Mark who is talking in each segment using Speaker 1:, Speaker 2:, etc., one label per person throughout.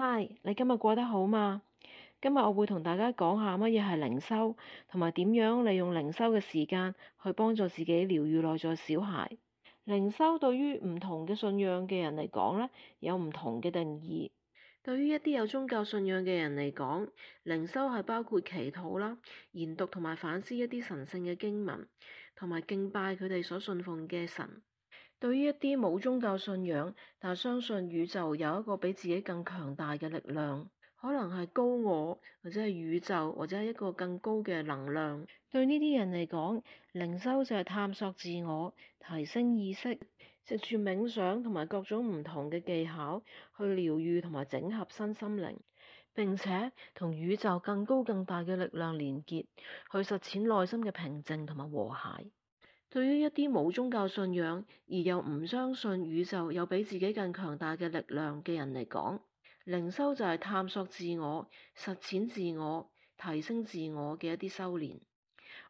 Speaker 1: 嗨，Hi, 你今日過得好嗎？今日我會同大家講下乜嘢係靈修，同埋點樣利用靈修嘅時間去幫助自己療愈內在小孩。靈修對於唔同嘅信仰嘅人嚟講咧，有唔同嘅定義。對於一啲有宗教信仰嘅人嚟講，靈修係包括祈禱啦、研讀同埋反思一啲神聖嘅經文，同埋敬拜佢哋所信奉嘅神。對於一啲冇宗教信仰，但相信宇宙有一個比自己更強大嘅力量，可能係高我或者係宇宙或者係一個更高嘅能量，對呢啲人嚟講，靈修就係探索自我、提升意識、藉住冥想，同埋各種唔同嘅技巧去療癒同埋整合身心靈，並且同宇宙更高更大嘅力量連結，去實踐內心嘅平靜同埋和諧。對於一啲冇宗教信仰而又唔相信宇宙有比自己更強大嘅力量嘅人嚟講，靈修就係探索自我、實踐自我、提升自我嘅一啲修煉。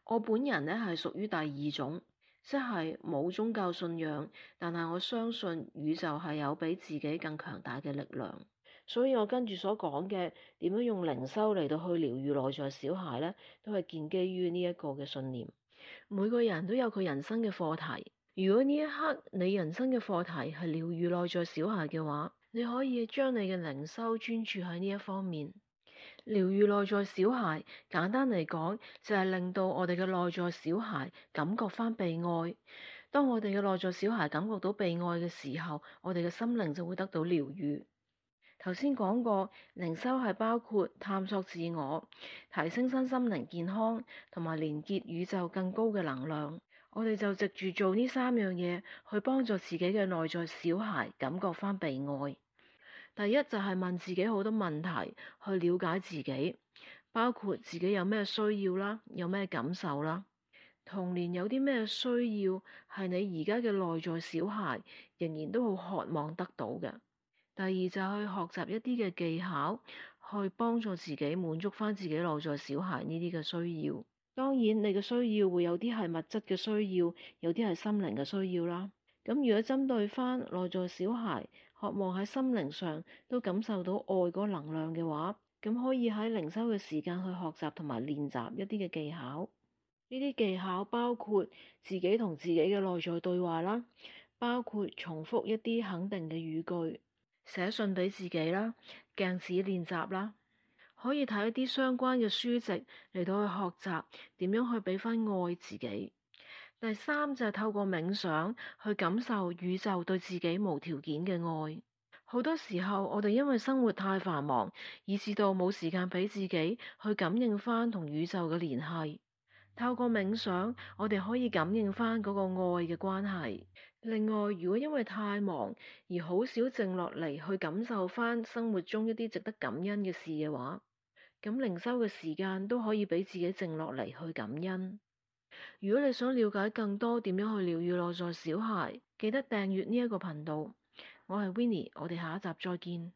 Speaker 1: 我本人呢係屬於第二種，即係冇宗教信仰，但係我相信宇宙係有比自己更強大嘅力量。所以我跟住所講嘅點樣用靈修嚟到去療癒內在小孩咧，都係建基於呢一個嘅信念。每個人都有佢人生嘅課題。如果呢一刻你人生嘅課題係療癒內在小孩嘅話，你可以將你嘅靈修專注喺呢一方面。療癒內在小孩，簡單嚟講，就係令到我哋嘅內在小孩感覺翻被愛。當我哋嘅內在小孩感覺到被愛嘅時候，我哋嘅心靈就會得到療癒。頭先講過，靈修係包括探索自我、提升身心靈健康，同埋連結宇宙更高嘅能量。我哋就藉住做呢三樣嘢，去幫助自己嘅內在小孩感覺翻被愛。第一就係問自己好多問題，去了解自己，包括自己有咩需要啦，有咩感受啦，童年有啲咩需要係你而家嘅內在小孩仍然都好渴望得到嘅。第二就去學習一啲嘅技巧，去幫助自己滿足翻自己內在小孩呢啲嘅需要。當然，你嘅需要會有啲係物質嘅需要，有啲係心靈嘅需要啦。咁如果針對翻內在小孩，渴望喺心靈上都感受到愛嗰能量嘅話，咁可以喺靈修嘅時間去學習同埋練習一啲嘅技巧。呢啲技巧包括自己同自己嘅內在對話啦，包括重複一啲肯定嘅語句。寫信俾自己啦、鏡子練習啦，可以睇一啲相關嘅書籍嚟到去學習點樣去俾翻愛自己。第三就係透過冥想去感受宇宙對自己無條件嘅愛。好多時候我哋因為生活太繁忙，以至到冇時間俾自己去感應翻同宇宙嘅聯繫。透過冥想，我哋可以感應返嗰個愛嘅關係。另外，如果因為太忙而好少靜落嚟去感受返生活中一啲值得感恩嘅事嘅話，咁靈修嘅時間都可以俾自己靜落嚟去感恩。如果你想了解更多點樣去療癒內在小孩，記得訂閱呢一個頻道。我係 Winnie，我哋下一集再見。